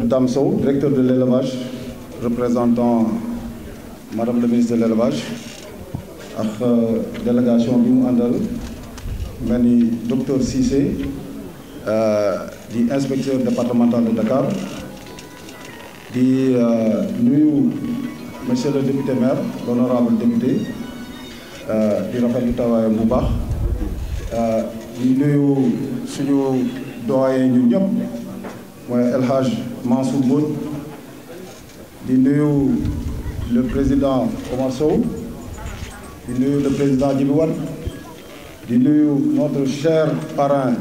docteur Damso, directeur de l'élevage, représentant madame le ministre de l'élevage, ak euh, délégation bi mu àndal mel ni docteur euh, di inspecteur départemental de Dakar di euh, nuyu monsieur le député maire l'honorable député di rafetlu tawaayam bu baax di nuyu suñu doyen ñun ñëpp mooy El Hadj Mansour Mbodj di nuyu le président Omar Sow di nuyu le président Djibi Wane di nuyu notre cher parrain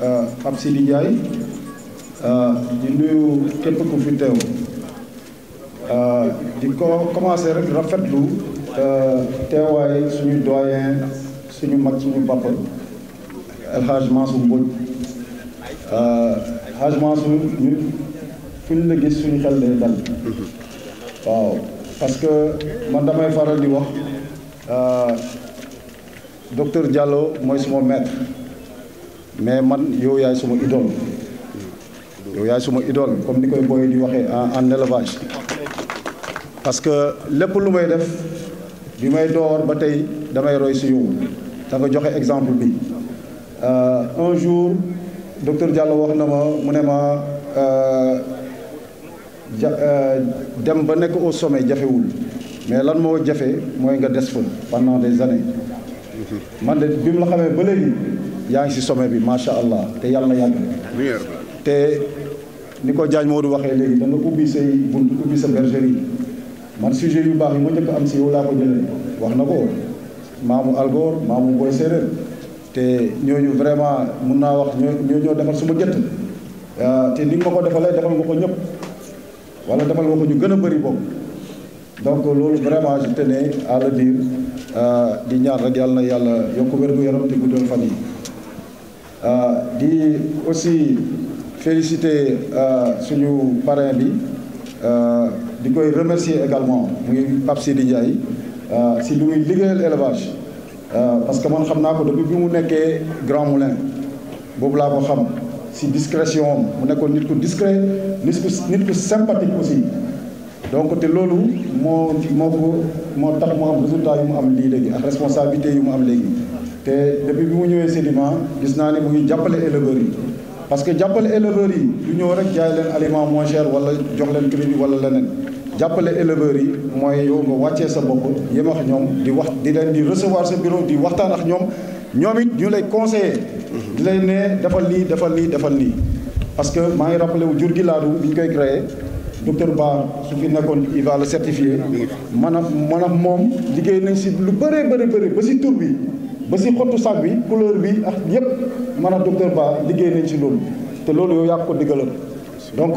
euh, Pape Sidi Ndiaye euh, di nuyu képp ku fi teew euh, di ko commencé rek rafetlu teewaay suñu doyen suñu mag suñu papa El Hadj Mansour Mbodj Hadj Mansour ñu fu na gis suñu xel day dal waaw parce que man damay faral di wax euh, docteur Diallo mooy suma maître mais man yow yaay suma idole yow yaay suma idole comme ni koy booy di waxee en élevage parce que lépp lu may def bi may door ba tey damay roy si yow da nga joxe exemple bi euh, un jour docteur jàllo wax na ma mu ne ma euh, ja euh, dem ba nekk au some jafewul mais lan moo jafe mooy nga des fa pendant des années man de bi mu la xamee ba léegi yaa ngi si sommet bi macha allah te yàlla na yàgg te ni ko Diagne Modou waxee léegi da nga ubbi say bunt ubbi sa bergerie man sujet yu baax yi ma njëkk am si yow laa ko jëlee wax na ko maamu Algor maamu Boy Séeréer te ñooñu vraiment mun naa wax ñoo ñoo defal suma ma jëtt euh, te ni nga ma ko defalee defal nga ko ñëpp. wala defal waxu ñu gën a bëri boobu donc loolu vraiment je tenais à le dire euh, di ñaar rek yàlla na yàlla yokk wér-gu-yaram di guddal fan yi euh, di aussi féliciter euh, suñu parrain bi di koy remercier également muy Pape Sidi Ndiaye si lu muy liggéeyal élevage parce que man xam naa ko depuis bi mu nekkee Grand Moulin boobu laa ko xam si discrétion mu nekkoon nit ku discret nit ku nit ku sympathique aussi donc te loolu moo moo ko moo tax mu am résultat yu mu am lii léegi ak responsabilité yu mu am léegi te depuis bi mu ñëwee Sedima gis naa ne mu ngi jàppale éleveurs yi parce que jàppale éleveurs yi du ñëw rek jaay leen aliment moins cher wala jox leen crédit wala leneen jàppale éleveurs yi mooy yow nga wàccee sa bopp yem ak ñoom di wax di leen di recevoir sa bureau di waxtaan ak ñoom ñoom it ñu lay conseiller di ne defal lii defal nii defal nii parce que maa ngi rappelé wu jur gi laadu bi ñu koy créé docteur Ba su fi nekkoon il va le certifier maanaam maanaam moom liggéey nañ si lu bëree bëri bëri ba si tur bi ba si xottu sac bi couleur bi ak yépp maanaam docteur Ba liggéey nañ si loolu te loolu yow yàq ko diggalal donc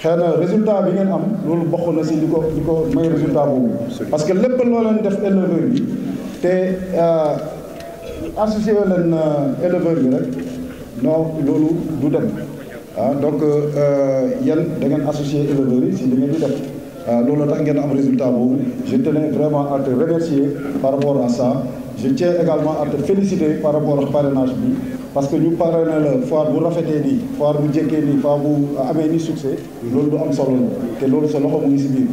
xëy na résultat bi ngeen am loolu bokk na si li ko li ko may résultat boobu parce que lépp loo leen def éleveur bi te euh, associé leen euh, éleveur bi rek non loolu du dem ah donc euh, yan da ngeen associé éleveurs yi si li ngeen di def ah, loolu tax ngeen am résultat boobu je tenais vraiment à te remercier par rapport à sa je tiens également à te féliciter par rapport ak parrainage bi parce que ñu parrainé la foire bu rafetee nii foire bu jékkee nii foire bu amee ni succès loolu du am solo te loolu sa loxo mu ngi si biir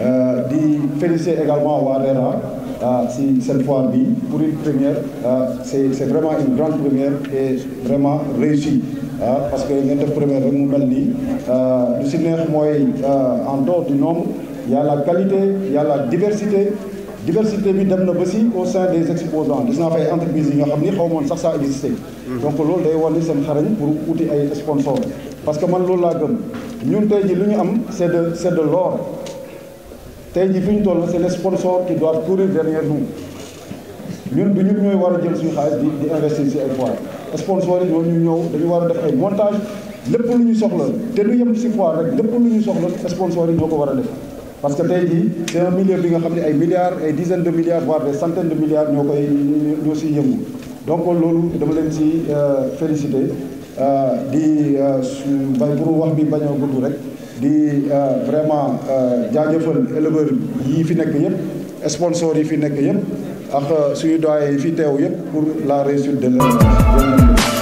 euh, di féliciter également waa RERA Euh, si cette foire bi pour une première euh, c'est c'est vraiment une grande première et vraiment réussie ah parce que ngeen def première rek mu mel nii lu si neex mooy en dehors du nombre y a la qualité y a la diversité diversité bi dem na ba si au sein des exposants gis naa fay entreprises yi nga xam ni xaw moon sax ça existé donc loolu day wane seen xarañ pour uti ay sponsor parce que man loolu laa gëm ñun tey ji lu ñu am c'est de c'est de l'or tey jii fi ñu toll c'est les sponsors qui doivent courir derrière nous ñun du ñun ñooy war a jël suñu xaalis di di investir si ay foire sponsors yi ñoo ñu ñëw dañu war a def ay montage lépp lu ñu soxla te du yem si foire rek lépp lu ñu soxla sponsors yi ñoo ko war a def parce que tey jii c'est un bi nga xam ne ay milliards ay dizaines de milliards voire des centaines de milliards ñoo koy ñoo siy yëngu donc loolu dama leen si euh, félicité euh, di euh, su bay pour wax bi bañ a gudd rek. di euh, vraiment euh, jaajëfal éleveur yi fi nekk yëpp sponsor yi fi nekk yëpp ak euh, suñu doyen yi fi teew yëpp pour la réussite de l'élevage